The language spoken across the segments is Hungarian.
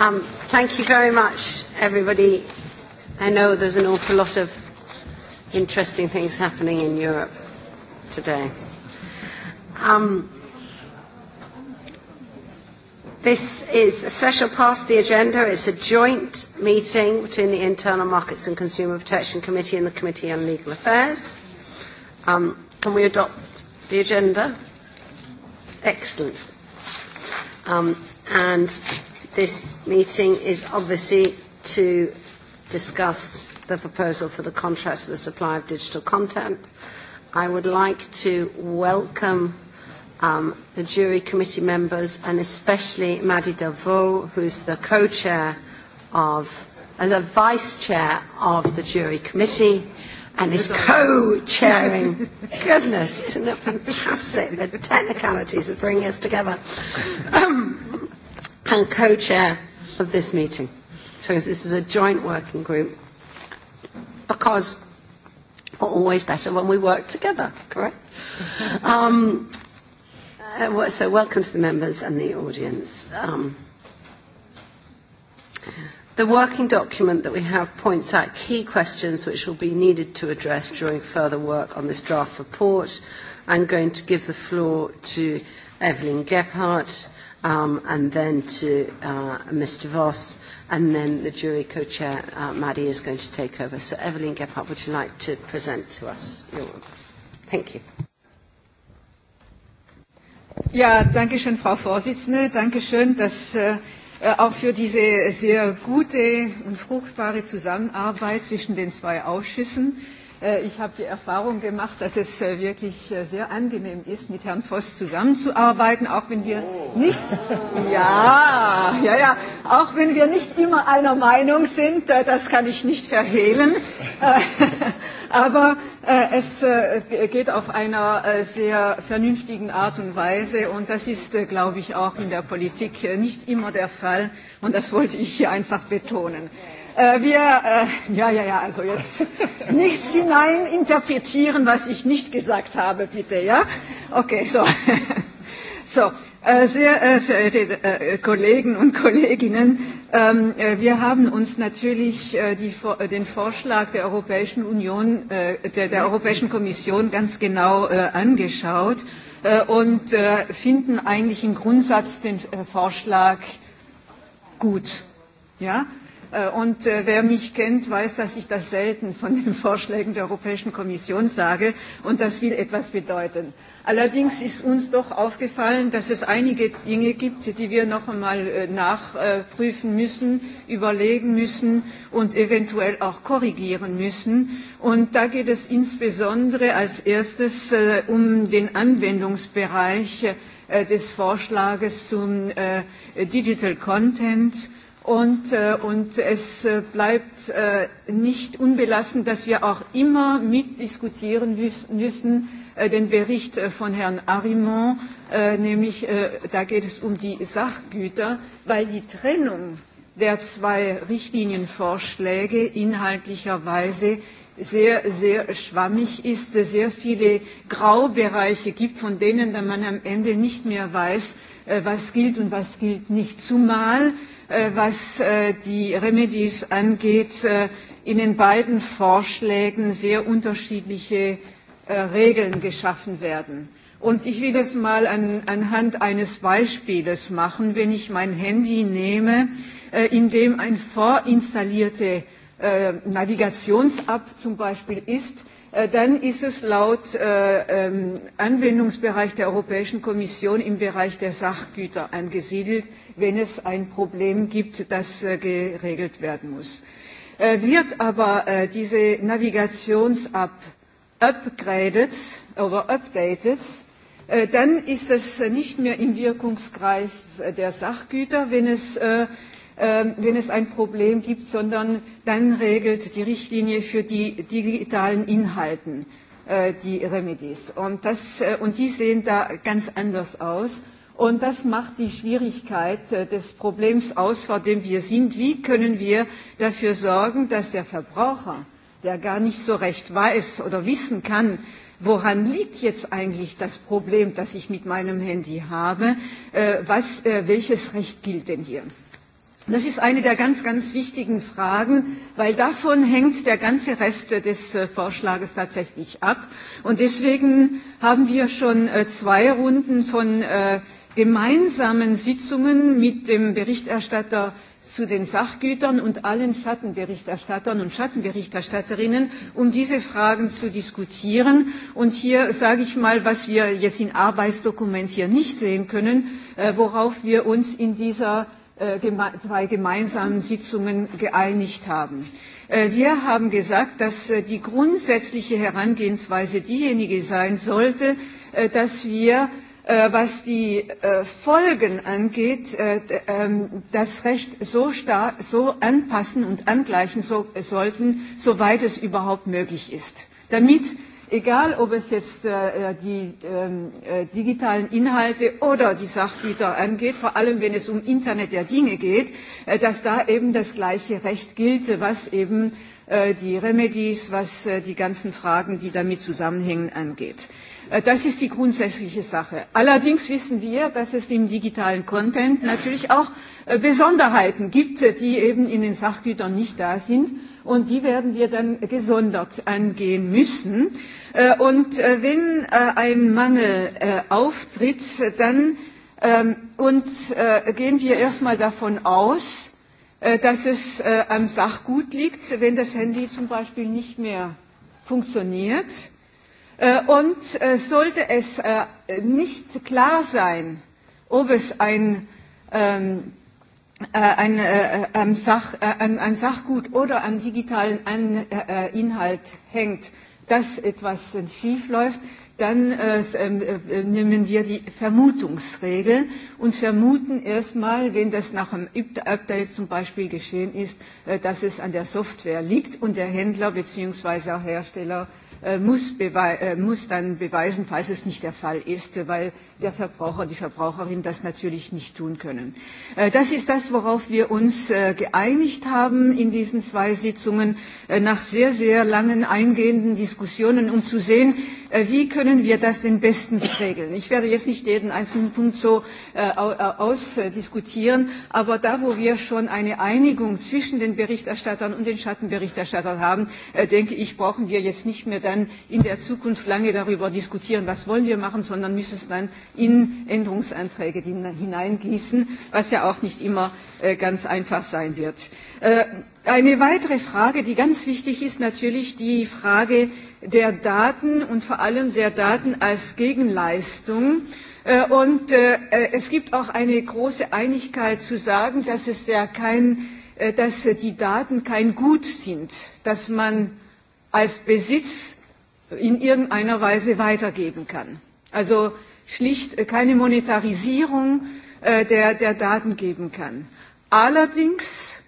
Um, thank you very much, everybody. I know there's an awful lot of interesting things happening in Europe today. Um, this is a special part of the agenda. It's a joint meeting between the Internal Markets and Consumer Protection Committee and the Committee on Legal Affairs. Um, can we adopt the agenda? Excellent. Um, and this meeting is obviously to discuss the proposal for the contracts for the supply of digital content. I would like to welcome um, the jury committee members and especially Maddie Delvaux, who is the co-chair of, as uh, a vice-chair of the jury committee and is co-chairing. Goodness, isn't it fantastic? The technicalities that bring us together. Um, and co-chair of this meeting. So this is a joint working group because we're always better when we work together, correct? um, uh, so welcome to the members and the audience. Um, the working document that we have points out key questions which will be needed to address during further work on this draft report. I'm going to give the floor to Evelyn Gephardt um, and then to uh, Mr. Voss, and then the jury co-chair, uh, Maddie, is going to take over. So Evelyn Gephardt, would you like to present to us? Your... work? Thank you. Ja, danke schön, Frau Vorsitzende. Danke schön, dass äh, auch für diese sehr gute und fruchtbare Zusammenarbeit zwischen den zwei Ausschüssen. Äh, Äh, ich habe die Erfahrung gemacht, dass es äh, wirklich äh, sehr angenehm ist, mit Herrn Voss zusammenzuarbeiten, auch wenn wir nicht, oh. ja, ja, ja, auch wenn wir nicht immer einer Meinung sind, das kann ich nicht verhehlen. Aber es geht auf einer sehr vernünftigen Art und Weise und das ist, glaube ich, auch in der Politik nicht immer der Fall und das wollte ich hier einfach betonen. Äh, wir, äh, ja, ja, ja, also jetzt nichts hinein interpretieren, was ich nicht gesagt habe, bitte, ja? Okay, so. so. äh, Sehr äh, verehrte äh, Kollegen und Kolleginnen, ähm, äh, wir haben uns natürlich äh, die, äh, den Vorschlag der Europäischen Union, äh, der, der Europäischen Kommission ganz genau äh, angeschaut äh, und äh, finden eigentlich im Grundsatz den äh, Vorschlag gut. Ja? Äh, und äh, wer mich kennt, weiß, dass ich das selten von den Vorschlägen der Europäischen Kommission sage. Und das will etwas bedeuten. Allerdings ist uns doch aufgefallen, dass es einige Dinge gibt, die wir noch einmal äh, nachprüfen müssen, überlegen müssen und eventuell auch korrigieren müssen. Und da geht es insbesondere als erstes um den Anwendungsbereich des Vorschlages zum Digital Content Und, äh, und es äh, bleibt äh, nicht unbelassen, dass wir auch immer mitdiskutieren müssen den Bericht von Herrn Arimont, nämlich da geht es um die Sachgüter, weil die Trennung der zwei Richtlinienvorschläge inhaltlicherweise sehr, sehr schwammig ist, sehr viele Graubereiche gibt, von denen man am Ende nicht mehr weiß, was gilt und was gilt nicht. Zumal Äh, was äh, die Remedies angeht, äh, in den beiden Vorschlägen sehr unterschiedliche Regeln geschaffen werden. Und ich will es mal an, anhand eines Beispiels machen, wenn ich mein Handy nehme, in dem ein vorinstallierte Navigations-App zum Beispiel ist, Äh, dann ist es laut äh, ähm, Anwendungsbereich der Europäischen Kommission im Bereich der Sachgüter angesiedelt, wenn es ein Problem gibt, das äh, geregelt werden muss. wird aber diese Navigations-App upgraded oder updated, dann ist es nicht mehr im Wirkungskreis der Sachgüter, wenn es Ähm, wenn es ein Problem gibt, sondern dann regelt die Richtlinie für die digitalen Inhalten äh, die Remedies. Und, das, äh, und die sehen da ganz anders aus. Und das macht die Schwierigkeit äh, des Problems aus, vor dem wir sind. Wie können wir dafür sorgen, dass der Verbraucher, der gar nicht so recht weiß oder wissen kann, woran liegt jetzt eigentlich das Problem, das ich mit meinem Handy habe, was, welches Recht gilt denn hier? Und das ist eine der ganz, ganz wichtigen Fragen, weil davon hängt der ganze Rest des äh, Vorschlages tatsächlich ab. Und deswegen haben wir schon äh, zwei Runden von äh, gemeinsamen Sitzungen mit dem Berichterstatter zu den Sachgütern und allen Schattenberichterstattern und Schattenberichterstatterinnen, um diese Fragen zu diskutieren. Und hier sage ich mal, was wir jetzt im Arbeitsdokument hier nicht sehen können, worauf wir uns in dieser Äh, zwei gemeinsamen Sitzungen geeinigt haben. Äh, wir haben gesagt, dass äh, die grundsätzliche Herangehensweise diejenige sein sollte, dass wir, was die Folgen angeht, ähm, das Recht so, stark, so anpassen und angleichen sollten, soweit es überhaupt möglich ist, damit egal ob es jetzt äh, äh, die ähm, äh, digitalen Inhalte oder die Sachgüter angeht, vor allem wenn es um Internet der Dinge geht, dass da eben das gleiche Recht gilt, was eben die Remedies, was die ganzen Fragen, die damit zusammenhängen, angeht. Das ist die grundsätzliche Sache. Allerdings wissen wir, dass es im digitalen Content natürlich auch Besonderheiten gibt, die eben in den Sachgütern nicht da sind und die werden wir dann gesondert angehen müssen. Äh, und äh, wenn äh, ein Mangel auftritt, dann ähm, und, gehen wir erstmal davon aus, dass es am Sachgut liegt, wenn das Handy zum Beispiel nicht mehr funktioniert. Und sollte es nicht klar sein, ob es ein ähm, Äh, ein, äh, am Sach, äh, ein Sachgut oder am digitalen An, äh, Inhalt hängt, dass etwas schiefläuft, dann äh, ähm, äh, nehmen wir die Vermutungsregel und vermuten erstmal, wenn das nach einem Update zum Beispiel geschehen ist, äh, dass es an der Software liegt und der Händler bzw. Hersteller äh, Äh, muss, äh, muss dann beweisen, falls es nicht der Fall ist, weil der Verbraucher, die Verbraucherin das natürlich nicht tun können. Äh, das ist das, worauf wir uns geeinigt haben in diesen zwei Sitzungen nach sehr, sehr langen eingehenden Diskussionen, um zu sehen, wie können wir das denn bestens regeln. Ich werde jetzt nicht jeden einzelnen Punkt so ausdiskutieren, aber da, wo wir schon eine Einigung zwischen den Berichterstattern und den Schattenberichterstattern haben, denke ich, brauchen wir jetzt nicht mehr dann in der Zukunft lange darüber diskutieren, was wollen wir machen, sondern müssen es dann in Änderungsanträge hineingießen, was ja auch nicht immer äh, ganz einfach sein wird. Äh, eine weitere Frage, die ganz wichtig ist, natürlich die Frage der Daten und vor allem der Daten als Gegenleistung. Äh, und es gibt auch eine große Einigkeit zu sagen, dass, es ja kein, dass die Daten kein Gut sind, dass man als Besitz in irgendeiner Weise weitergeben kann. Also schlicht äh, keine Monetarisierung äh, der, der Daten geben kann. Allerdings,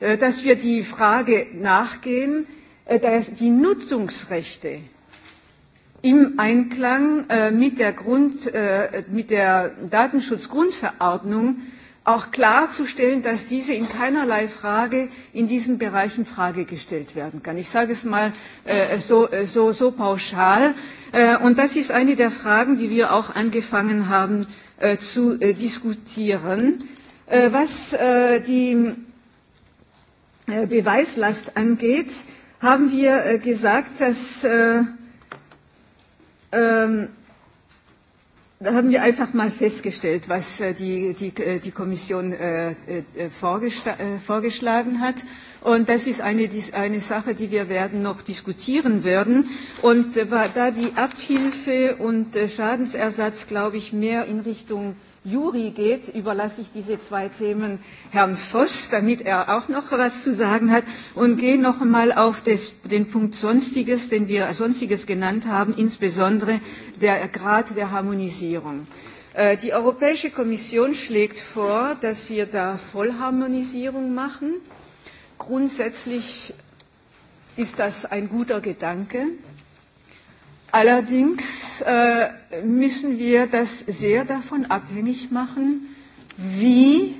äh, dass wir die Frage nachgehen, dass die Nutzungsrechte im Einklang mit der, Grund, mit der Datenschutzgrundverordnung auch klarzustellen, dass diese in keinerlei Frage in diesen Bereichen Frage gestellt werden kann. Ich sage es mal äh, so, äh, so, so pauschal. Äh, und das ist eine der Fragen, die wir auch angefangen haben äh, zu äh, diskutieren. Äh, was äh, die äh, Beweislast angeht, haben wir äh, gesagt, dass äh, ähm, Da haben wir einfach mal festgestellt, was äh, die, die, äh, die Kommission äh, vorgeschlagen hat. Und das ist eine, eine Sache, die wir werden noch diskutieren werden. Und da die Abhilfe und Schadensersatz, glaube ich, mehr in Richtung Juri geht, überlasse ich diese zwei Themen Herrn Voss, damit er auch noch was zu sagen hat und gehe noch einmal auf des, den Punkt Sonstiges, den wir Sonstiges genannt haben, insbesondere der Grad der Harmonisierung. Äh, die Europäische Kommission schlägt vor, dass wir da Vollharmonisierung machen. Grundsätzlich ist das ein guter Gedanke. Allerdings äh, müssen wir das sehr davon abhängig machen, wie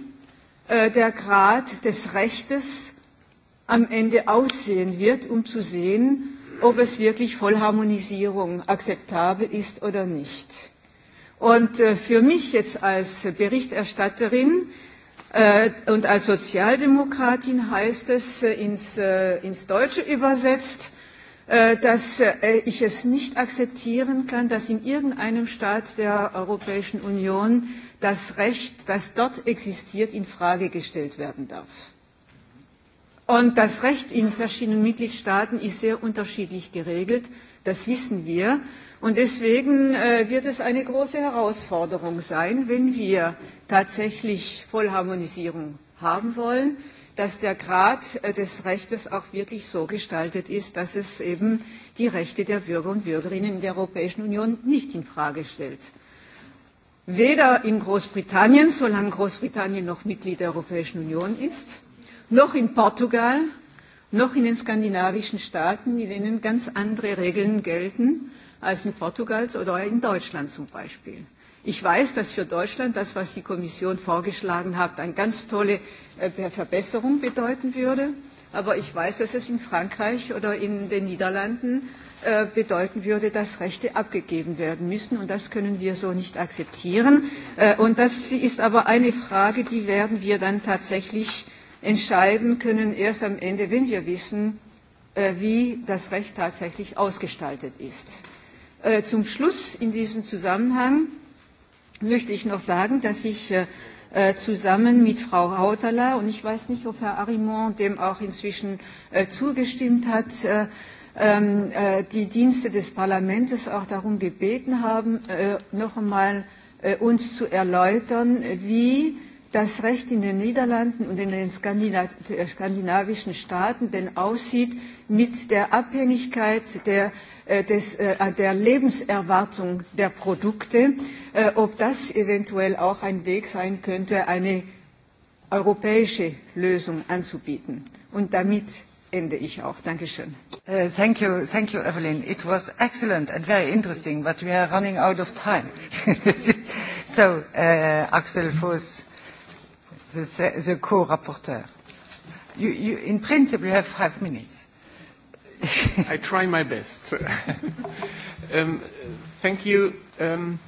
äh, der Grad des Rechtes am Ende aussehen wird, um zu sehen, ob es wirklich Vollharmonisierung akzeptabel ist oder nicht. Und äh, für mich jetzt als Berichterstatterin äh, und als Sozialdemokratin heißt es äh, ins, äh, ins Deutsche übersetzt, Äh, dass äh, ich es nicht akzeptieren kann, dass in irgendeinem Staat der Europäischen Union das Recht, das dort existiert, in Frage gestellt werden darf. Und das Recht in verschiedenen Mitgliedstaaten ist sehr unterschiedlich geregelt. Das wissen wir. Und deswegen äh, wird es eine große Herausforderung sein, wenn wir tatsächlich Vollharmonisierung haben wollen dass der Grad äh, des Rechtes auch wirklich so gestaltet ist, dass es eben die Rechte der Bürger und Bürgerinnen in der Europäischen Union nicht in Frage stellt. Weder in Großbritannien, solange Großbritannien noch Mitglied der Europäischen Union ist, noch in Portugal, noch in den skandinavischen Staaten, in denen ganz andere Regeln gelten als in Portugal oder in Deutschland zum Beispiel. Ich weiß, dass für Deutschland das, was die Kommission vorgeschlagen hat, eine ganz tolle äh, Verbesserung bedeuten würde. Aber ich weiß, dass es in Frankreich oder in den Niederlanden äh, bedeuten würde, dass Rechte abgegeben werden müssen. Und das können wir so nicht akzeptieren. Äh, und das ist aber eine Frage, die werden wir dann tatsächlich entscheiden können, erst am Ende, wenn wir wissen, wie das Recht tatsächlich ausgestaltet ist. Zum Schluss in diesem Zusammenhang möchte ich noch sagen, dass ich äh, äh, zusammen mit Frau Hautala und ich weiß nicht, ob Herr Arimont dem auch inzwischen äh, zugestimmt hat, ähm, die Dienste des Parlaments auch darum gebeten haben, äh, noch einmal uns zu erläutern, wie das Recht in den Niederlanden und in den skandinavischen Staaten denn aussieht mit der Abhängigkeit der Äh, des, äh, der Lebenserwartung der Produkte, äh, ob das eventuell auch ein Weg sein könnte, eine europäische Lösung anzubieten. Und damit ende ich auch. Dankeschön. Uh, thank you, thank you, Evelyn. It was excellent and very interesting, but we are running out of time. so, uh, Axel Voss, the, the co-rapporteur. You, you, in principle, you have five minutes. I try my best. um, thank you. Um,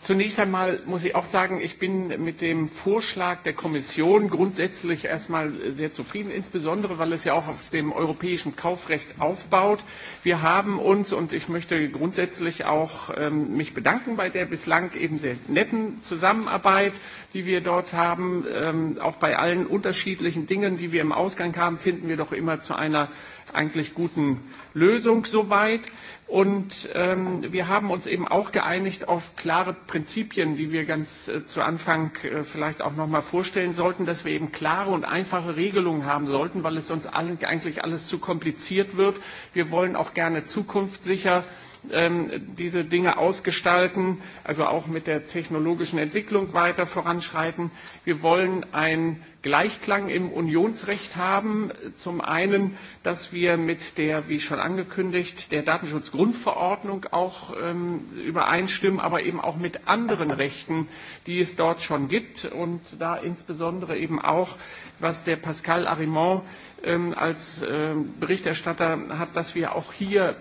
zunächst einmal muss ich auch sagen, ich bin mit dem Vorschlag der Kommission grundsätzlich erstmal sehr zufrieden, insbesondere weil es ja auch auf dem europäischen Kaufrecht aufbaut. Wir haben uns, und ich möchte grundsätzlich auch ähm, mich bedanken bei der bislang eben sehr netten Zusammenarbeit, die wir dort haben. Ähm, auch bei allen unterschiedlichen Dingen, die wir im Ausgang haben, finden wir doch immer zu einer eigentlich guten Lösung soweit. Und ähm, wir haben uns eben auch geeinigt auf klare Prinzipien, die wir ganz äh, zu Anfang äh, vielleicht auch nochmal vorstellen sollten, dass wir eben klare und einfache Regelungen haben sollten, weil es sonst alle, eigentlich alles zu kompliziert wird. Wir wollen auch gerne zukunftssicher ähm, diese Dinge ausgestalten, also auch mit der technologischen Entwicklung weiter voranschreiten. Wir wollen ein Gleichklang im Unionsrecht haben. Zum einen, dass wir mit der, wie schon angekündigt, der Datenschutzgrundverordnung auch ähm, übereinstimmen, aber eben auch mit anderen Rechten, die es dort schon gibt und da insbesondere eben auch, was der Pascal Arimont ähm, als äh, Berichterstatter hat, dass wir auch hier,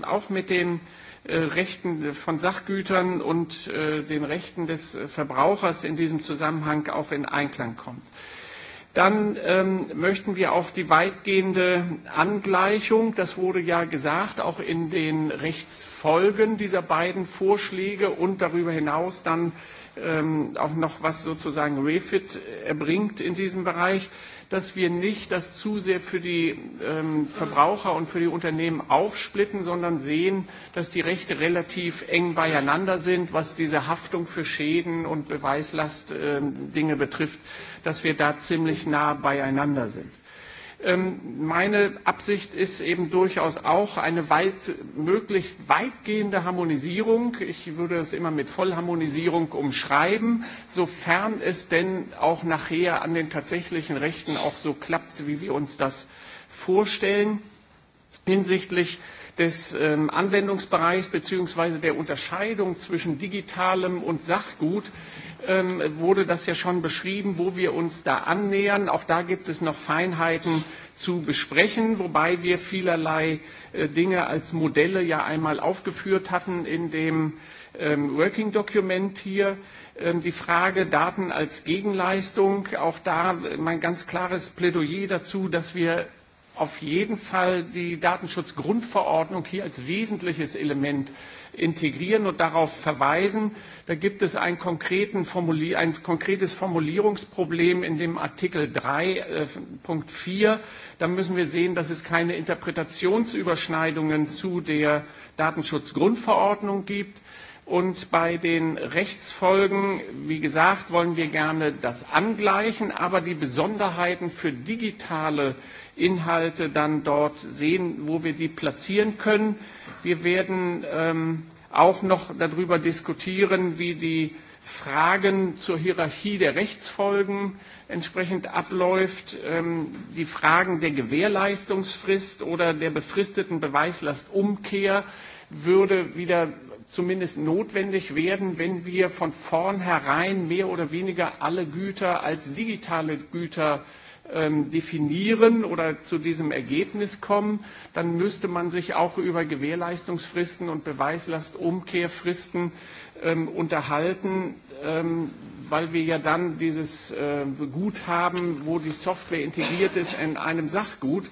äh, auch mit den äh, Rechten von Sachgütern und äh, den Rechten des Verbrauchers in diesem Zusammenhang auch in Einklang kommt. Dann ähm, möchten wir auch die weitgehende Angleichung, das wurde ja gesagt, auch in den Rechtsfolgen dieser beiden Vorschläge und darüber hinaus dann äh, ähm, auch noch was sozusagen Refit erbringt in diesem Bereich, dass wir nicht das zu sehr für die ähm, Verbraucher und für die Unternehmen aufsplitten, sondern sehen, dass die Rechte relativ eng beieinander sind, was diese Haftung für Schäden und Beweislast ähm, Dinge betrifft, dass wir da ziemlich nah beieinander sind. Ähm, meine Absicht ist eben durchaus auch eine weit, möglichst weitgehende Harmonisierung. Ich würde es immer mit Vollharmonisierung umschreiben, sofern es denn auch nachher an den tatsächlichen Rechten auch so klappt, wie wir uns das vorstellen. Hinsichtlich des ähm, Anwendungsbereichs bzw. der Unterscheidung zwischen digitalem und Sachgut ähm, wurde das ja schon beschrieben, wo wir uns da annähern. Auch da gibt es noch Feinheiten zu besprechen, wobei wir vielerlei äh, Dinge als Modelle ja einmal aufgeführt hatten in dem ähm, Working Document hier. Ähm, die Frage Daten als Gegenleistung, auch da mein ganz klares Plädoyer dazu, dass wir auf jeden Fall die Datenschutzgrundverordnung hier als wesentliches Element integrieren und darauf verweisen. Da gibt es ein, konkreten Formulier, ein konkretes Formulierungsproblem in dem Artikel 3.4. Äh, da müssen wir sehen, dass es keine Interpretationsüberschneidungen zu der Datenschutzgrundverordnung gibt. Und bei den Rechtsfolgen, wie gesagt, wollen wir gerne das angleichen, aber die Besonderheiten für digitale Inhalte dann dort sehen, wo wir die platzieren können. Wir werden ähm, auch noch darüber diskutieren, wie die Fragen zur Hierarchie der Rechtsfolgen entsprechend abläuft, ähm, die Fragen der Gewährleistungsfrist oder der befristeten Beweislastumkehr würde wieder zumindest notwendig werden, wenn wir von vornherein mehr oder weniger alle Güter als digitale Güter ähm, definieren oder zu diesem Ergebnis kommen, dann müsste man sich auch über Gewährleistungsfristen und Beweislastumkehrfristen ähm, unterhalten, ähm, weil wir ja dann dieses äh, Guthaben, wo die Software integriert ist, in einem Sachgut, äh,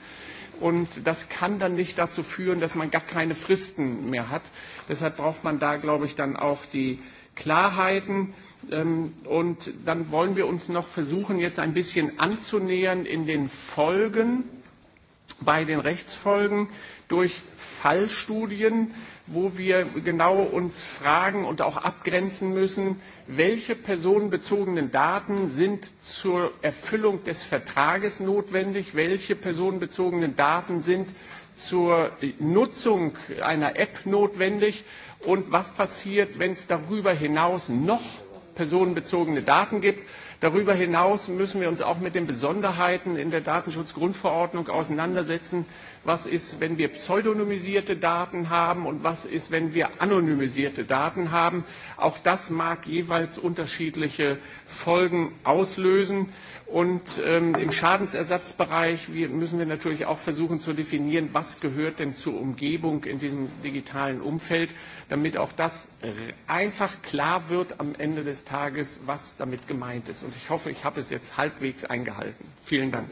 Und das kann dann nicht dazu führen, dass man gar keine Fristen mehr hat. Deshalb braucht man da, glaube ich, dann auch die Klarheiten. Ähm, und dann wollen wir uns noch versuchen, jetzt ein bisschen anzunähern in den Folgen, bei den Rechtsfolgen durch Fallstudien wo wir genau uns fragen und auch abgrenzen müssen, welche personenbezogenen Daten sind zur Erfüllung des Vertrages notwendig, welche personenbezogenen Daten sind zur Nutzung einer App notwendig und was passiert, wenn es darüber hinaus noch personenbezogene Daten gibt. Darüber hinaus müssen wir uns auch mit den Besonderheiten in der Datenschutzgrundverordnung auseinandersetzen. Was ist, wenn wir pseudonymisierte Daten haben und was ist, wenn wir anonymisierte Daten haben? Auch das mag jeweils unterschiedliche Folgen auslösen. Und ähm, im Schadensersatzbereich wir, müssen wir natürlich auch versuchen zu definieren, was gehört denn zur Umgebung in diesem digitalen Umfeld, damit auch das einfach klar wird am Ende des Tages, was damit gemeint ist. Und und ich hoffe, ich habe es jetzt halbwegs eingehalten. Vielen Dank.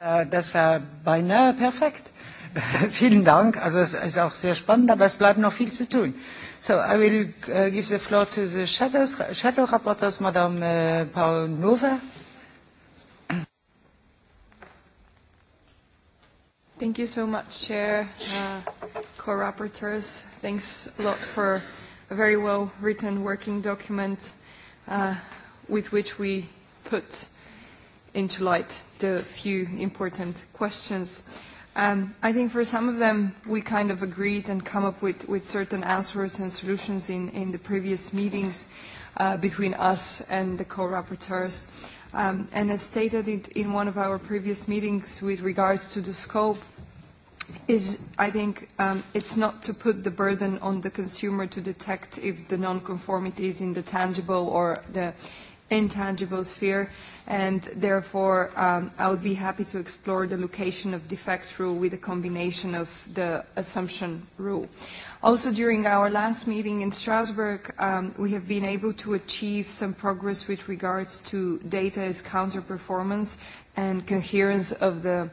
Äh, das war beinahe perfekt. Vielen Dank. Also es ist auch sehr spannend, aber es bleibt noch viel zu tun. So I will äh, give the floor to the shadows, shadow rapporteurs, Madame uh, äh, Paul Nova. Thank you so much, Chair, uh, co-rapporteurs. Thanks a lot for a very well-written working document. Uh, with which we put into light the few important questions. Um, I think for some of them, we kind of agreed and come up with, with certain answers and solutions in, in the previous meetings uh, between us and the co-rapporteurs. Um, and as stated in, in one of our previous meetings with regards to the scope, is I think um, it's not to put the burden on the consumer to detect if the non-conformity is in the tangible or the intangible sphere, and therefore um, I would be happy to explore the location of defect rule with a combination of the assumption rule. Also, during our last meeting in Strasbourg, um, we have been able to achieve some progress with regards to data as counter-performance and coherence of the uh,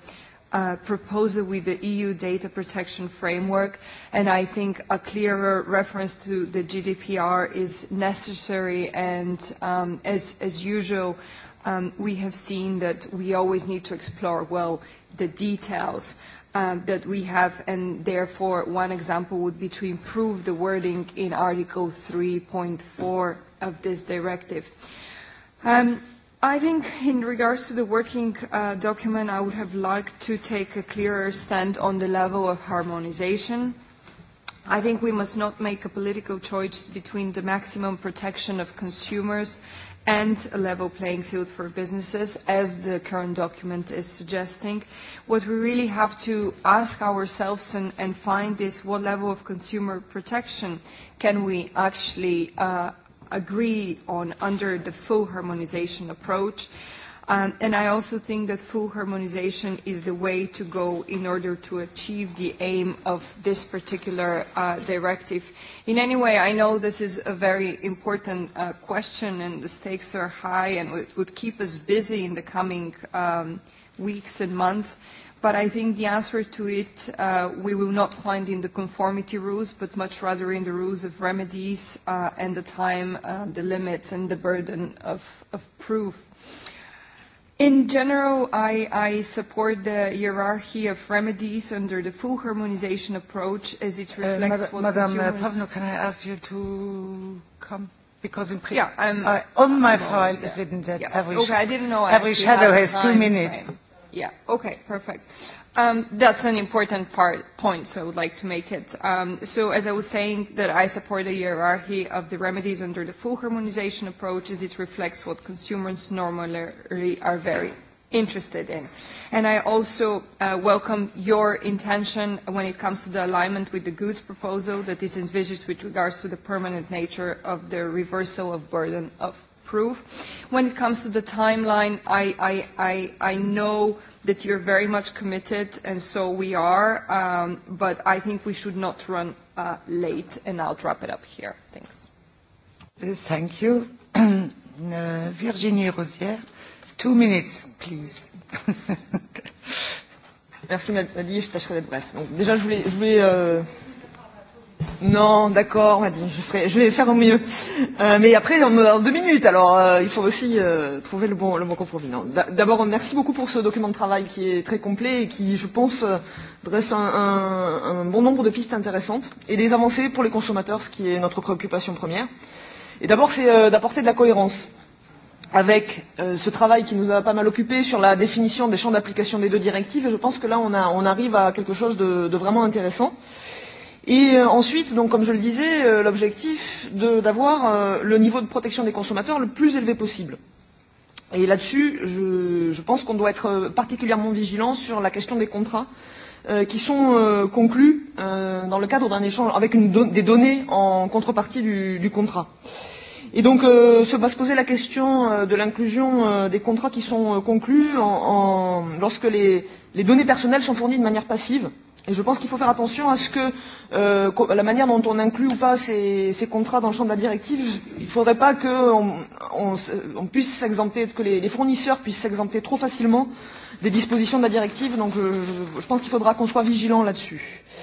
proposal with the EU data protection framework, and I think a clearer reference to the GDPR is necessary, and um, as, as usual, um, we have seen that we always need to explore well the details um, that we have, and therefore one example would be to improve the wording in Article 3.4 of this directive. Um, I think in regards to the working uh, document, I would have liked to take a clearer stand on the level of harmonization. I think we must not make a political choice between the maximum protection of consumers and a level playing field for businesses, as the current document is suggesting. What we really have to ask ourselves and, and find is what level of consumer protection can we actually uh, agree on under the full harmonization approach. Um, and I also think that full harmonization is the way to go in order to achieve the aim of this particular uh, directive. In any way, I know this is a very important uh, question and the stakes are high and it would keep us busy in the coming um, weeks and months. But I think the answer to it uh, we will not find in the conformity rules, but much rather in the rules of remedies uh, and the time, uh, the limits, and the burden of, of proof. In general, I, I support the hierarchy of remedies under the full harmonization approach as it uh, reflects uh, what Madame uh, consumers... Madame Pavno, can I ask you to come? Because in pre- yeah, I'm, I, on my I'm file is written that yeah. every, okay, I didn't know every shadow has two minutes. Time. Yeah. Okay. Perfect. Um, that's an important part, point, so I would like to make it. Um, so as I was saying, that I support the hierarchy of the remedies under the full harmonization approach as it reflects what consumers normally are very interested in. And I also uh, welcome your intention when it comes to the alignment with the goods proposal that is envisaged with regards to the permanent nature of the reversal of burden of improve. When it comes to the timeline, I, I, I, I know that you're very much committed, and so we are, um, but I think we should not run uh, late, and I'll wrap it up here. Thanks. Uh, thank you. uh, Virginie Rosière, two minutes, please. Merci Nadine, je tâcherai d'être bref. Donc, déjà, je voulais, je voulais euh, Non, d'accord, je, je vais faire au mieux. Euh, mais après, en, en deux minutes, alors euh, il faut aussi euh, trouver le bon, le bon compromis. D'abord, merci beaucoup pour ce document de travail qui est très complet et qui, je pense, euh, dresse un, un, un bon nombre de pistes intéressantes et des avancées pour les consommateurs, ce qui est notre préoccupation première. Et d'abord, c'est euh, d'apporter de la cohérence avec euh, ce travail qui nous a pas mal occupé sur la définition des champs d'application des deux directives. Et je pense que là, on, a, on arrive à quelque chose de, de vraiment intéressant. Euh, Et euh, ensuite, donc, comme je le disais, euh, l'objectif d'avoir euh, le niveau de protection des consommateurs le plus élevé possible. Et là-dessus, je, je pense qu'on doit être euh, particulièrement vigilant sur la question des contrats euh, qui sont euh, conclus euh, dans le cadre d'un échange avec une don des données en contrepartie du, du contrat. Euh, Et donc, euh, se va se poser la question euh, de l'inclusion euh, des contrats qui sont euh, conclus en, en, lorsque les, les données personnelles sont fournies de manière passive. Et je pense qu'il faut faire attention à ce que euh, la manière dont on inclut ou pas ces, ces contrats dans le champ de la directive, il ne faudrait pas qu'on on, on puisse s'exempter, que les, les fournisseurs puissent s'exempter trop facilement des dispositions de la directive. Donc, je, je, je pense qu'il faudra qu'on soit vigilant là-dessus. Euh,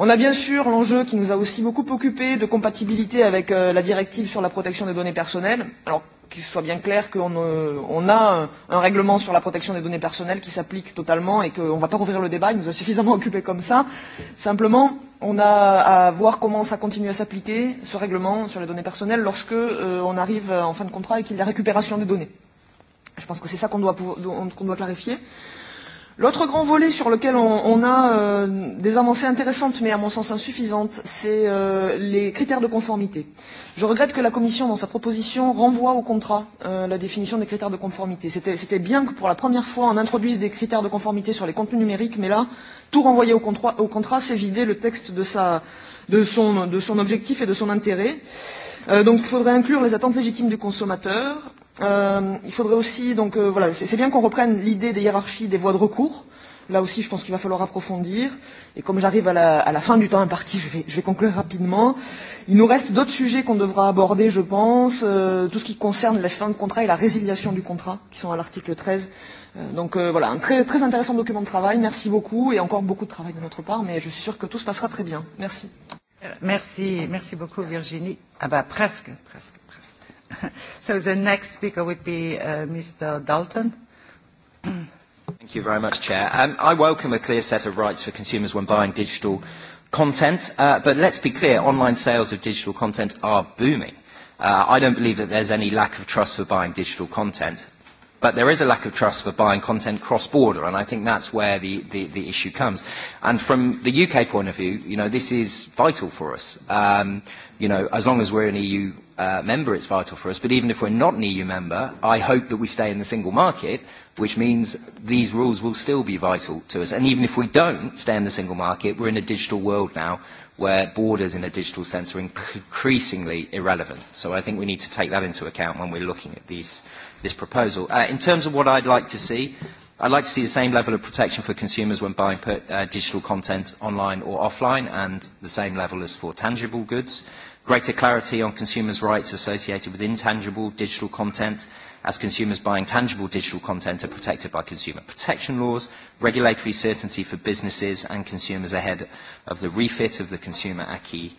On a bien sûr l'enjeu qui nous a aussi beaucoup occupé de compatibilité avec euh, la directive sur la protection des données personnelles. Alors qu'il soit bien clair qu'on euh, on a un un règlement sur la protection des données personnelles qui s'applique totalement et qu'on ne va pas rouvrir le débat, il nous a suffisamment occupé comme ça. Simplement, on a à voir comment ça continue à s'appliquer, ce règlement sur les données personnelles, lorsque euh, on arrive en fin de contrat et qu'il y a récupération des données. Je pense que c'est ça qu'on doit, qu doit clarifier. Euh, L'autre grand volet sur lequel on, on a euh, des avancées intéressantes, mais à mon sens insuffisantes, c'est euh, les critères de conformité. Je regrette que la Commission, dans sa proposition, renvoie au contrat euh, la définition des critères de conformité. C'était bien que pour la première fois, on introduise des critères de conformité sur les contenus numériques, mais là, tout renvoyer au contrat, au contrat c'est vider le texte de, sa, de, son, de son objectif et de son intérêt. Euh, donc il faudrait inclure les attentes légitimes du consommateur, Euh, il faudrait aussi, donc euh, voilà, c'est bien qu'on reprenne l'idée des hiérarchies des voies de recours. Là aussi, je pense qu'il va falloir approfondir. Et comme j'arrive à la, à la fin du temps imparti, je vais, je vais conclure rapidement. Il nous reste d'autres sujets qu'on devra aborder, je pense. Euh, tout ce qui concerne la fin de contrat et la résiliation du contrat, qui sont à l'article 13. Euh, donc euh, voilà, un très, très intéressant document de travail. Merci beaucoup. Et encore beaucoup de travail de notre part, mais je suis sûre que tout se passera très bien. Merci. Euh, merci, merci beaucoup Virginie. Ah bah presque, presque, presque. so the next speaker would be uh, Mr. Dalton. Thank you very much, Chair. Um, I welcome a clear set of rights for consumers when buying digital content, uh, but let's be clear, online sales of digital content are booming. Uh, I don't believe that there's any lack of trust for buying digital content, but there is a lack of trust for buying content cross-border, and I think that's where the, the, the issue comes. And from the UK point of view, you know, this is vital for us. Um, you know, as long as we're an EU uh, member, it's vital for us. But even if we're not an EU member, I hope that we stay in the single market, which means these rules will still be vital to us. And even if we don't stay in the single market, we're in a digital world now where borders in a digital sense are increasingly irrelevant. So I think we need to take that into account when we're looking at these, this proposal. Uh, in terms of what I'd like to see, I'd like to see the same level of protection for consumers when buying per, uh, digital content online or offline and the same level as for tangible goods greater clarity on consumers' rights associated with intangible digital content, as consumers buying tangible digital content are protected by consumer protection laws, regulatory certainty for businesses and consumers ahead of the refit of the consumer acquis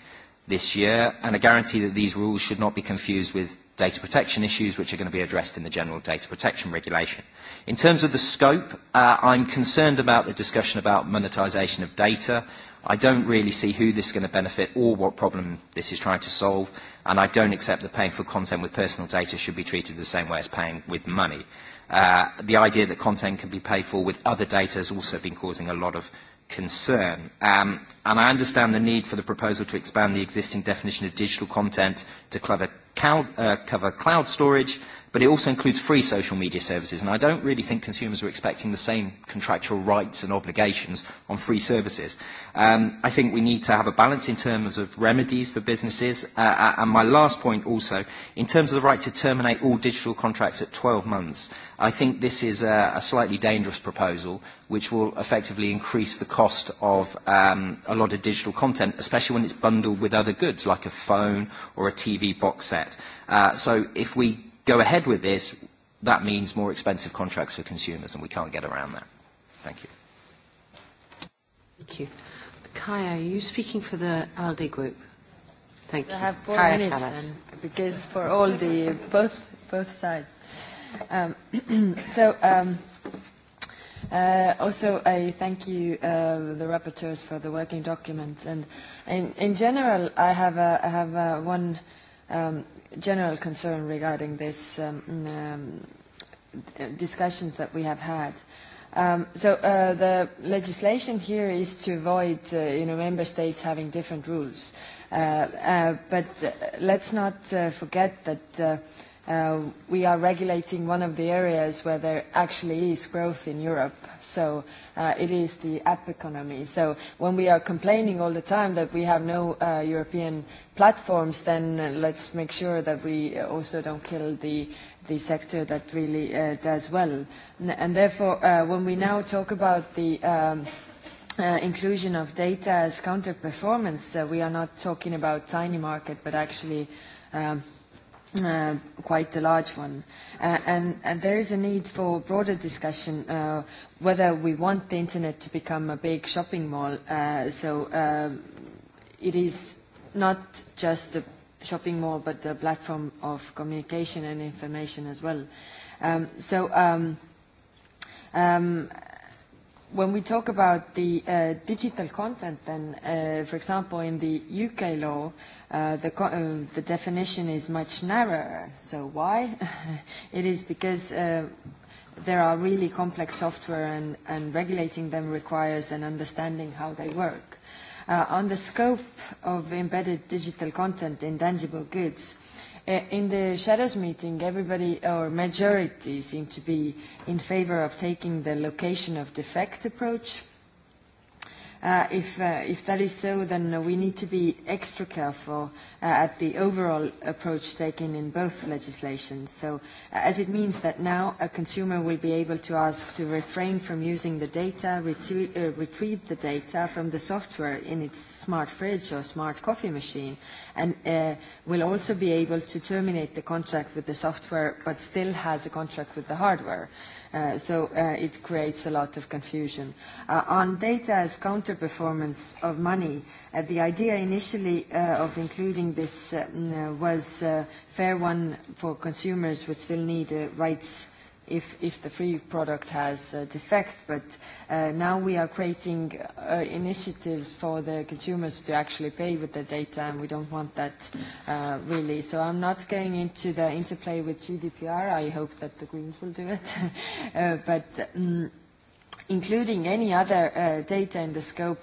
this year, and a guarantee that these rules should not be confused with data protection issues, which are going to be addressed in the General Data Protection Regulation. In terms of the scope, uh, I'm concerned about the discussion about monetization of data. I don't really see who this is going to benefit or what problem this is trying to solve, and I don't accept that paying for content with personal data should be treated the same way as paying with money. Uh, the idea that content can be paid for with other data has also been causing a lot of concern. Um, and I understand the need for the proposal to expand the existing definition of digital content to cover, Uh, cover cloud storage but it also includes free social media services. And I don't really think consumers are expecting the same contractual rights and obligations on free services. Um, I think we need to have a balance in terms of remedies for businesses. Uh, uh and my last point also, in terms of the right to terminate all digital contracts at 12 months, I think this is a, a slightly dangerous proposal which will effectively increase the cost of um, a lot of digital content, especially when it's bundled with other goods like a phone or a TV box set. Uh, so if we go ahead with this, that means more expensive contracts for consumers, and we can't get around that. Thank you. Thank you. Kaya, are you speaking for the ALDE group? Thank I you. I have four Kaya minutes Kallas. then, because for all the both both sides. Um, so. Um, Uh, also, I thank you, uh, the rapporteurs, for the working document. And in, in general, I have, a, I have a one um, general concern regarding this um, mm, um, discussions that we have had. Um, so uh, the legislation here is to avoid, uh, you know, member states having different rules. Uh, uh, but uh, let's not uh, forget that uh, Uh, we are regulating one of the areas where there actually is growth in Europe. So uh, it is the app economy. So when we are complaining all the time that we have no uh, European platforms, then uh, let's make sure that we also don't kill the, the sector that really uh, does well. And therefore, uh, when we now talk about the um, Uh, inclusion of data as counter performance, uh, we are not talking about tiny market, but actually um, Uh, quite a large one. Uh, and, and there is a need for broader discussion uh, whether we want the internet to become a big shopping mall. Uh, so uh, it is not just a shopping mall, but a platform of communication and information as well. Um, so um, um, When we talk about the uh, digital content, then, uh, for example, in the UK law, uh, the, co- uh, the definition is much narrower. So why? it is because uh, there are really complex software and, and regulating them requires an understanding how they work. Uh, on the scope of embedded digital content in tangible goods, uh, Uh, in the shadows meeting, everybody or majority seemed to be in favor of taking the location of defect approach Uh, uh, if, that is so, then we need to be extra careful uh, at the overall approach taken in both legislations. So uh, as it means that now a consumer will be able to ask to refrain from using the data, retrieve, retrieve the data from the software in its smart fridge or smart coffee machine, and will also be able to terminate the contract with the software, but still has a contract with the hardware. Uh, so uh, it creates a lot of confusion. Uh, on data as counter-performance of money, uh, the idea initially uh, of including this uh, was a uh, fair one for consumers who still need a uh, rights if, the free product has a defect, uh, now we are creating uh, initiatives for the consumers to actually pay with the data, and we don't want that uh, really. I'm not going into the interplay with GDPR. I hope that the Greens will do it. Mm, including any other data in the scope,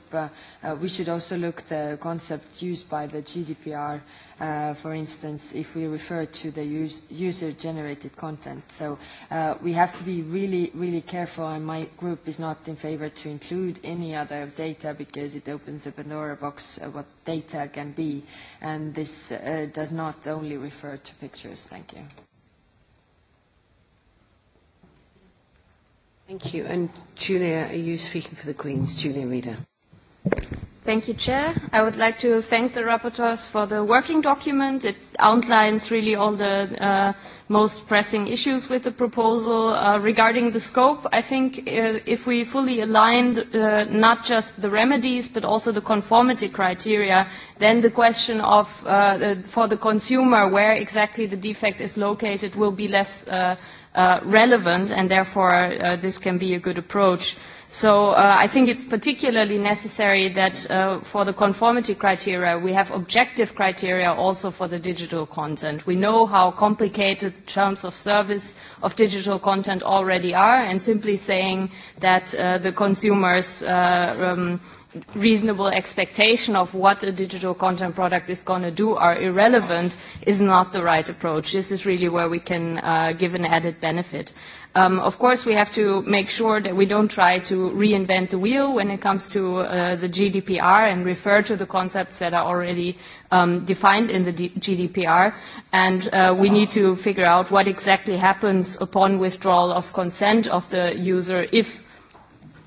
we should also look the concept used by the GDPR uh, for instance, if we refer to the user-generated content. So uh, we have to be really, really careful, and my group is not in favor to include any other data because it opens a Pandora box of what data can be, and this uh, does not only refer to pictures. Thank you. Thank you. And Julia, are you speaking for the Greens? Julia Reader. Thank you, Chair. I would like to thank the rapporteurs for the working document. It outlines really all the uh, most pressing issues with the proposal. Uh, regarding the scope, I think uh, if we fully align uh, not just the remedies but also the conformity criteria, then the question of uh, the, for the consumer where exactly the defect is located will be less uh, uh, relevant and therefore uh, this can be a good approach. So uh, I think it's particularly necessary that uh, for the conformity criteria, we have objective criteria also for the digital content. We know how complicated the terms of service of digital content already are, and simply saying that uh, the consumers uh, um, reasonable expectation of what a digital content product is going to do are irrelevant is not the right approach. This is really where we can uh, give an added benefit. Um, of course, we have to make sure that we don't try to reinvent the wheel when it comes to uh, the GDPR and refer to the concepts that are already um, defined in the D GDPR. And uh, we need to figure out what exactly happens upon withdrawal of consent of the user if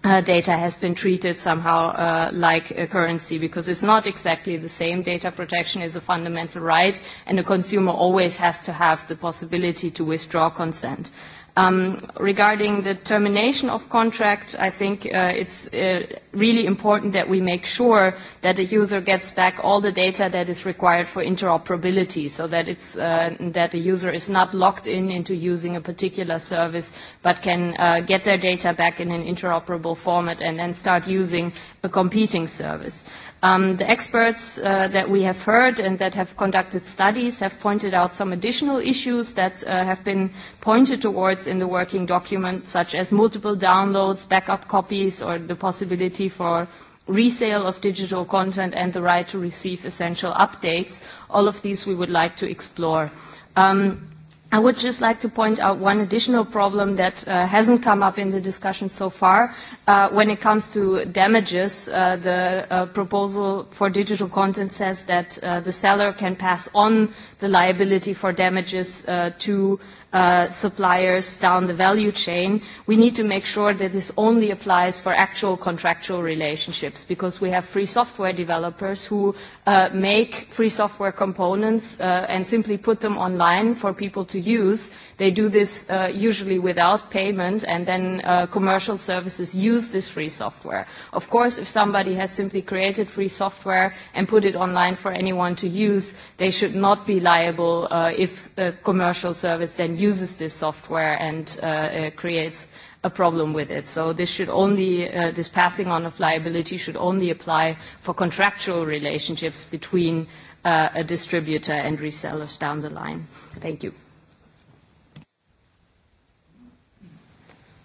uh, data has been treated somehow uh, like a currency because it's not exactly the same. Data protection is a fundamental right and a consumer always has to have the possibility to withdraw consent. Um, regarding the termination of contract, I think uh, it's uh, really important that we make sure that the user gets back all the data that is required for interoperability so that, it's, uh, that the user is not locked in into using a particular service but can uh, get their data back in an interoperable format and then start using a competing service. Um, the experts uh, that we have heard and that have conducted studies have pointed out some additional issues that uh, have been pointed towards in the working document, such as multiple downloads, backup copies, or the possibility for resale of digital content and the right to receive essential updates. All of these we would like to explore. Um, I would just like to point out one additional problem that uh, hasn't come up in the discussion so far. Uh, when it comes to damages, uh, the uh, proposal for digital content says that uh, the seller can pass on the liability for damages uh, to uh, Uh, suppliers down the value chain, we need to make sure that this only applies for actual contractual relationships because we have free software developers who uh, make free software components uh, and simply put them online for people to use. They do this uh, usually without payment and then uh, commercial services use this free software. Of course, if somebody has simply created free software and put it online for anyone to use, they should not be liable uh, if the commercial service then uses this software and uh, uh, creates a problem with it. So this should only, uh, this passing on of liability should only apply for contractual relationships between uh, a distributor and resellers down the line. Thank you.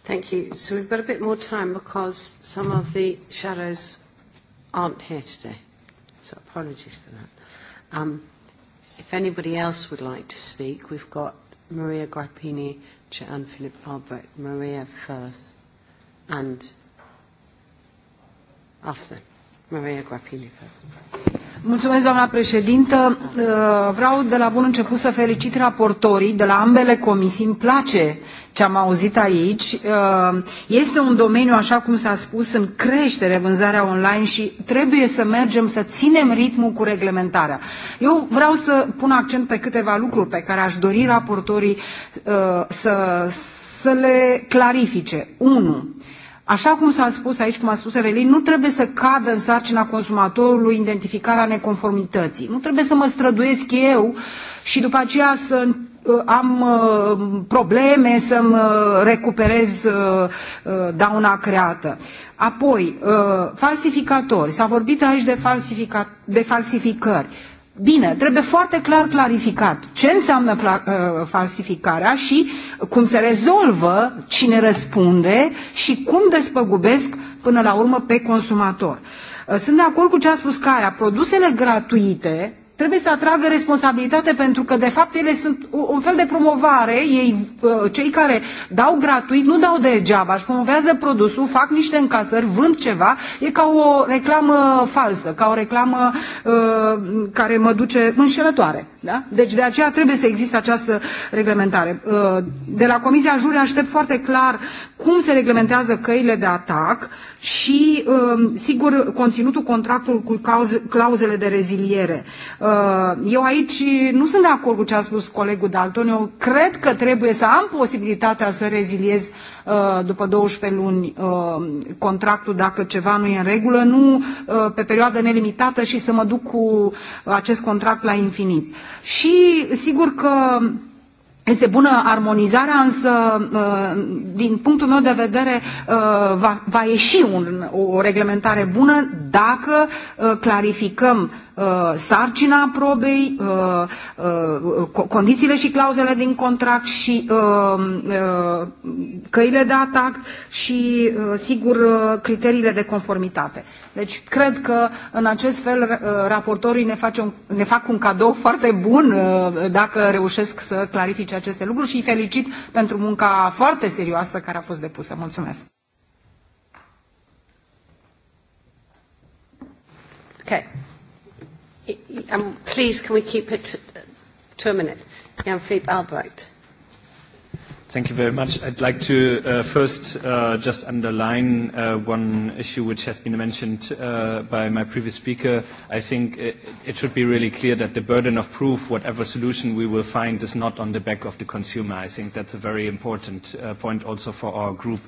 Thank you. So we've got a bit more time because some of the shadows aren't here today. So apologies for that. Um, if anybody else would like to speak, we've got Maria Grappini to anne Philip Albrecht. Maria first and after doamnă președintă uh, vreau de la bun început să felicit raportorii de la ambele comisii îmi place ce am auzit aici uh, este un domeniu așa cum s a spus în creștere vânzarea online și trebuie să mergem să ținem ritmul cu reglementarea. eu vreau să pun accent pe câteva lucruri pe care aș dori raportorii uh, să, să le clarifice. unu Așa cum s-a spus aici, cum a spus Evelin, nu trebuie să cadă în sarcina consumatorului identificarea neconformității. Nu trebuie să mă străduiesc eu și după aceea să uh, am uh, probleme să-mi uh, recuperez dauna creată. Apoi, falsificatori. S-a vorbit aici de, falsifica, de falsificări Bine, trebuie foarte clar clarificat ce înseamnă uh, falsificarea și cum se rezolvă, cine răspunde și cum despăgubesc până la urmă pe consumator. Uh, sunt de acord cu ce a spus Caia, produsele gratuite trebuie să atragă responsabilitate pentru că de fapt ele sunt un fel de promovare ei uh, cei care dau gratuit nu dau degeaba își promovează produsul fac niște încasări vând ceva e ca o reclamă falsă ca o reclamă uh, care mă duce înșelătoare. Da? Deci de aceea trebuie să existe această reglementare. Uh, de la Comisia Juri aștept foarte clar cum se reglementează căile de atac și, um, sigur, conținutul contractului cu clauzele de reziliere. Uh, eu aici nu sunt de acord cu ce a spus colegul Dalton. Eu cred că trebuie să am posibilitatea să reziliez uh, după 12 luni contractul dacă ceva nu e în regulă, nu pe perioadă nelimitată și să mă duc cu acest contract la infinit. Și sigur că este bună armonizarea, însă, uh, din punctul meu de vedere, uh, va, va ieși un, o reglementare bună dacă uh, clarificăm Uh, sarcina probei, uh, uh, condițiile și clauzele din contract și um, căile de atac și, sigur, criteriile de conformitate. Deci cred că în acest fel raportorii ne, face un, ne fac un cadou foarte bun dacă reușesc să clarifice aceste lucruri și îi felicit pentru munca foarte serioasă care a fost depusă. Mulțumesc! Okay. Um, please, can we keep it to a minute? Jan Philippe Albrecht. Thank you very much. I'd like to uh, first uh, just underline uh, one issue which has been mentioned uh, by my previous speaker. I think it, it should be really clear that the burden of proof, whatever solution we will find, is not on the back of the consumer. I think that's a very important uh, point also for our group.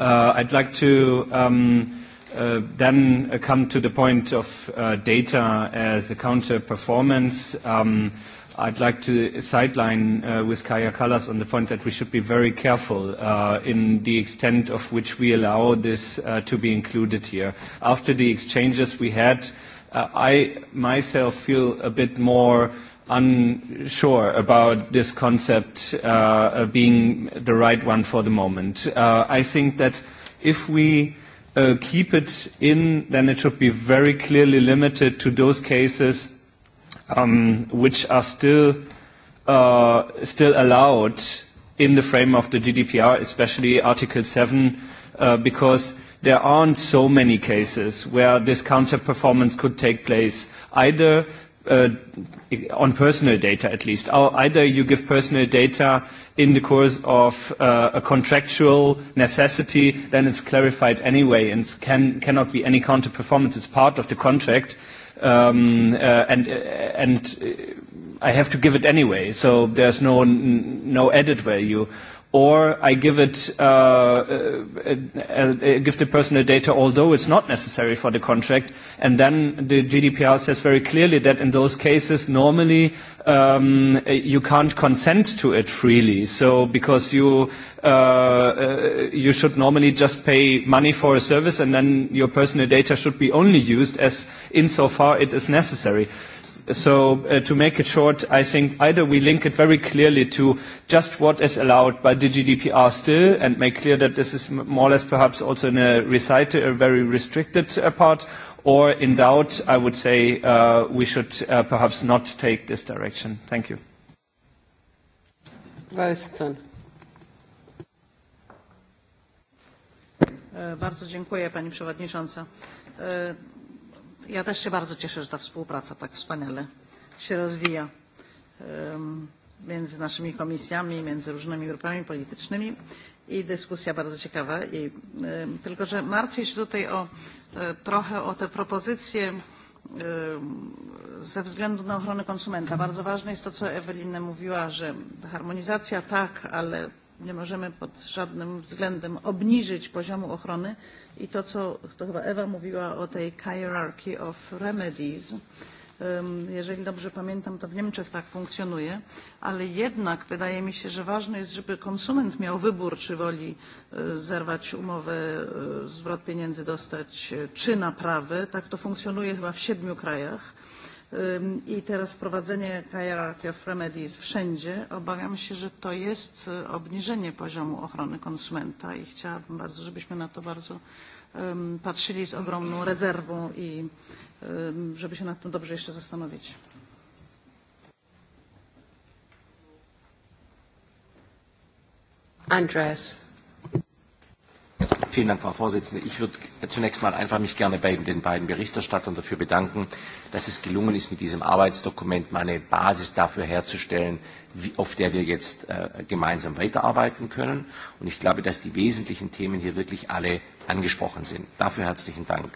Uh, I'd like to um, Uh, then uh, come to the point of uh, data as a counter performance. Um, I'd like to sideline uh, with Kaya Kallas on the point that we should be very careful uh, in the extent of which we allow this uh, to be included here. After the exchanges we had, uh, I myself feel a bit more unsure about this concept uh, being the right one for the moment. Uh, I think that if we uh, uh, keep it in, then it should be very clearly limited to those cases um, which are still uh, still allowed in the frame of the GDPR, especially Article 7, uh, because there aren't so many cases where this counter-performance could take place, either uh, on personal data at least. Either you give personal data in the course of uh, a contractual necessity, then it's clarified anyway and can, cannot be any counter-performance. It's part of the contract. Um, uh, and, uh, and uh, I have to give it anyway, so there's no, no added value or I give it uh, a, a, a, give the person the data, although it's not necessary for the contract, and then the GDPR says very clearly that in those cases, normally um, you can't consent to it freely. So because you uh, uh, you should normally just pay money for a service, and then your personal data should be only used as insofar it is necessary. So uh, to make it short, I think either we link it very clearly to just what is allowed by the GDPR still and make clear that this is more or less perhaps also in a recited, a very restricted uh, part, or in doubt, I would say uh, we should uh, perhaps not take this direction. Thank you. Royston. E, bardzo dziękuję Pani Przewodnicząca. E, Ja też się bardzo cieszę, że ta współpraca tak wspaniale się rozwija między naszymi komisjami, między różnymi grupami politycznymi i dyskusja bardzo ciekawa. I, tylko, że martwię się tutaj o, e, trochę o te propozycje ze względu na ochronę konsumenta. Bardzo ważne jest to, co Ewelina mówiła, że harmonizacja tak, ale nie możemy pod żadnym względem obniżyć poziomu ochrony i to, co to chyba Ewa mówiła o tej hierarchy of remedies, jeżeli dobrze pamiętam, to w Niemczech tak funkcjonuje, ale jednak wydaje mi się, że ważne jest, żeby konsument miał wybór, czy woli zerwać umowę, zwrot pieniędzy dostać, czy naprawy. Tak to funkcjonuje chyba w siedmiu krajach i teraz wprowadzenie hierarchy of remedies wszędzie, obawiam się, że to jest obniżenie poziomu ochrony konsumenta i chciałabym bardzo, żebyśmy na to bardzo patrzyli z ogromną rezerwą i żeby się nad tym dobrze jeszcze zastanowić. Andreas. Vielen Dank, Frau Vorsitzende. Ich würde zunächst mal einfach mich gerne bei den beiden Berichterstattern dafür bedanken, dass es gelungen ist, mit diesem Arbeitsdokument mal eine Basis dafür herzustellen, wie, auf der wir jetzt äh, gemeinsam weiterarbeiten können. Und ich glaube, dass die wesentlichen Themen hier wirklich alle angesprochen sind. Dafür herzlichen Dank.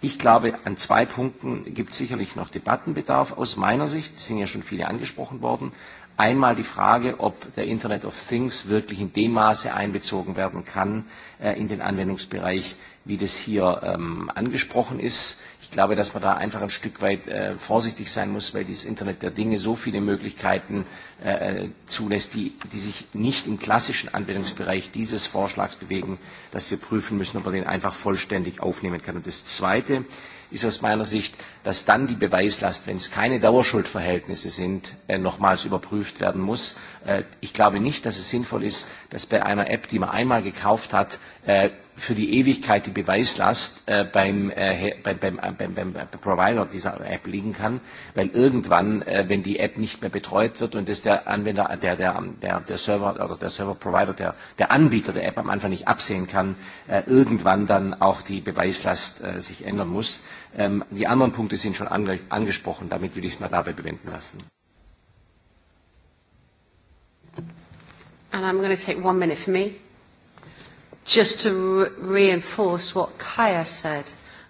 Ich glaube, an zwei Punkten gibt es sicherlich noch Debattenbedarf aus meiner Sicht. Es sind ja schon viele angesprochen worden. Einmal die Frage, ob der Internet of Things wirklich in dem Maße einbezogen werden kann äh, in den Anwendungsbereich, wie das hier ähm, angesprochen ist. Ich glaube, dass man da einfach ein Stück weit äh, vorsichtig sein muss, weil dieses Internet der Dinge so viele Möglichkeiten äh, äh zulässt, die, die sich nicht im klassischen Anwendungsbereich dieses Vorschlags bewegen, dass wir prüfen müssen, ob man den einfach vollständig aufnehmen kann. Und das Zweite ist aus meiner Sicht, dass dann die Beweislast, wenn es keine Dauerschuldverhältnisse sind, äh, nochmals überprüft werden muss. Äh, ich glaube nicht, dass es sinnvoll ist, dass bei einer App, die man einmal gekauft hat, äh, für die Ewigkeit die Beweislast beim, äh, beim, beim, beim, beim Provider dieser App liegen kann, weil irgendwann, äh, wenn die App nicht mehr betreut wird und das der Anwender, der, der, der, der Server oder der Server-Provider, der, der Anbieter der App am Anfang nicht absehen kann, äh, irgendwann dann auch die Beweislast äh, sich ändern muss. Ähm, die anderen Punkte wir sind schon ange angesprochen. Damit will ich es mal dabei bewenden lassen. And I'm going to take one minute for me, just to re reinforce what Kaya said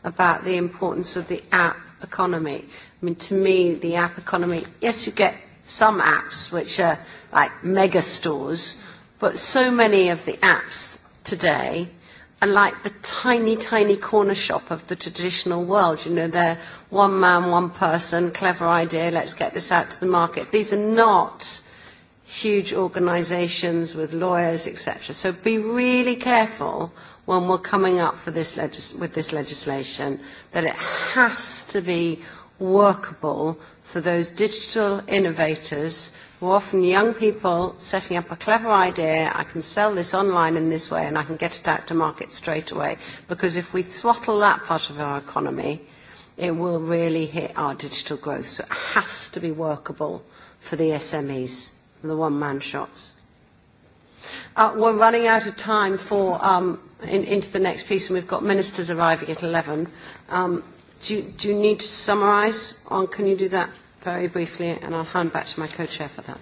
about the importance of the app economy. I mean, to me, the app economy, yes, you get some apps which are like mega stores, but so many of the apps today and like the tiny, tiny corner shop of the traditional world. You know, they're one man, one person, clever idea, let's get this out to the market. These are not huge organizations with lawyers, etc. So be really careful when we're coming up for this legis- with this legislation that it has to be workable for those digital innovators who are often young people setting up a clever idea, I can sell this online in this way and I can get it out to market straight away. Because if we throttle that part of our economy, it will really hit our digital growth. So it has to be workable for the SMEs, the one-man shops. Uh, we're running out of time for um, in, into the next piece, and we've got ministers arriving at 11. Um, do, you, do you need to summarise, or can you do that? very briefly, and I'll hand back to my co-chair for that.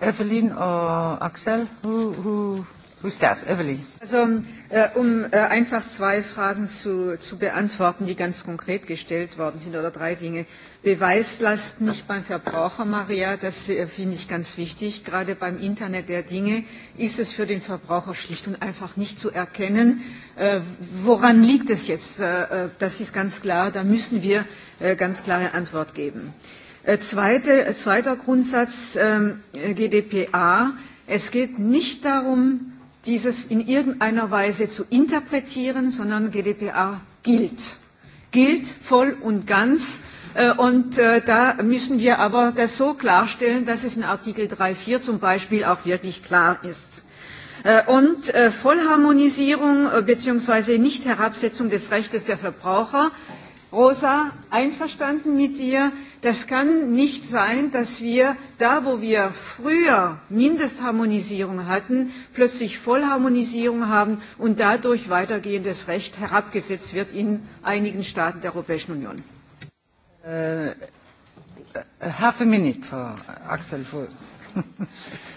Evelyn or Axel, who, who Gustaf, Evelyn. Also, äh, um äh, einfach zwei Fragen zu, zu beantworten, die ganz konkret gestellt worden sind, oder drei Dinge. Beweislast nicht beim Verbraucher, Maria, das äh, finde ich ganz wichtig. Gerade beim Internet der Dinge ist es für den Verbraucher schlicht und einfach nicht zu erkennen, äh, woran liegt es jetzt. Äh, äh das ist ganz klar, da müssen wir äh, ganz klare Antwort geben. Äh, zweite, äh, zweiter Grundsatz äh, GDPR. Es geht nicht darum, dieses in irgendeiner Weise zu interpretieren, sondern GDPR gilt. Gilt voll und ganz. Äh, und äh, da müssen wir aber das so klarstellen, dass es in Artikel 3.4 zum Beispiel auch wirklich klar ist. Äh, und Vollharmonisierung bzw. Nichtherabsetzung des Rechts der Verbraucher Rosa, einverstanden mit dir. Das kann nicht sein, dass wir da, wo wir früher Mindestharmonisierung hatten, plötzlich Vollharmonisierung haben und dadurch weitergehendes Recht herabgesetzt wird in einigen Staaten der Europäischen Union. Uh, half a minute for Axel Fuss.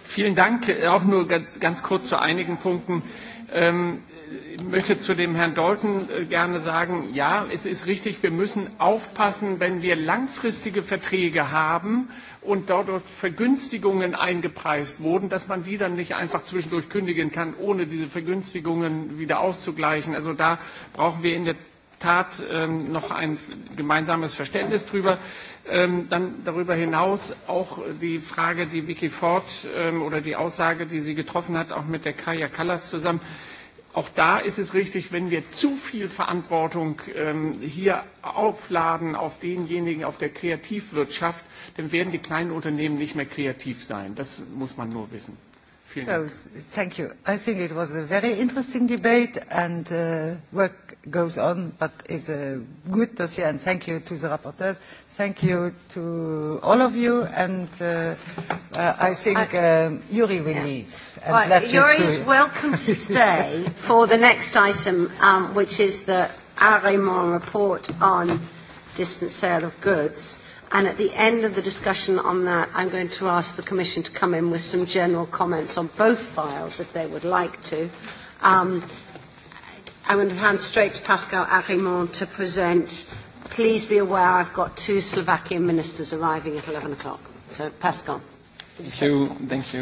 Vielen Dank. Auch nur ganz kurz zu einigen Punkten. Ähm, ich möchte zu dem Herrn Dalton äh, gerne sagen, ja, es ist richtig, wir müssen aufpassen, wenn wir langfristige Verträge haben und dort Vergünstigungen eingepreist wurden, dass man die dann nicht einfach zwischendurch kündigen kann, ohne diese Vergünstigungen wieder auszugleichen. Also da brauchen wir in der Tat ähm, noch ein gemeinsames Verständnis drüber. Ähm, dann darüber hinaus auch die Frage, die Vicky Ford ähm, oder die Aussage, die sie getroffen hat, auch mit der Kaya Kallas zusammen. Auch da ist es richtig, wenn wir zu viel Verantwortung ähm, hier aufladen auf denjenigen, auf der Kreativwirtschaft, dann werden die kleinen Unternehmen nicht mehr kreativ sein. Das muss man nur wissen. Vielen so, Dank. thank you. I think it was a very interesting debate and uh, work goes on, but it's a good dossier and thank you to the rapporteurs. Thank you to all of you and uh, uh, I think um, Yuri will yeah. leave. And right, let Yuri is welcome to stay for the next item, um, which is the Arimon report on distant sale of goods. And at the end of the discussion on that, I'm going to ask the Commission to come in with some general comments on both files, if they would like to. Um, I'm going to hand straight to Pascal Arimont to present. Please be aware I've got two Slovakian ministers arriving at 11 o'clock. So, Pascal. Thank you. Thank you.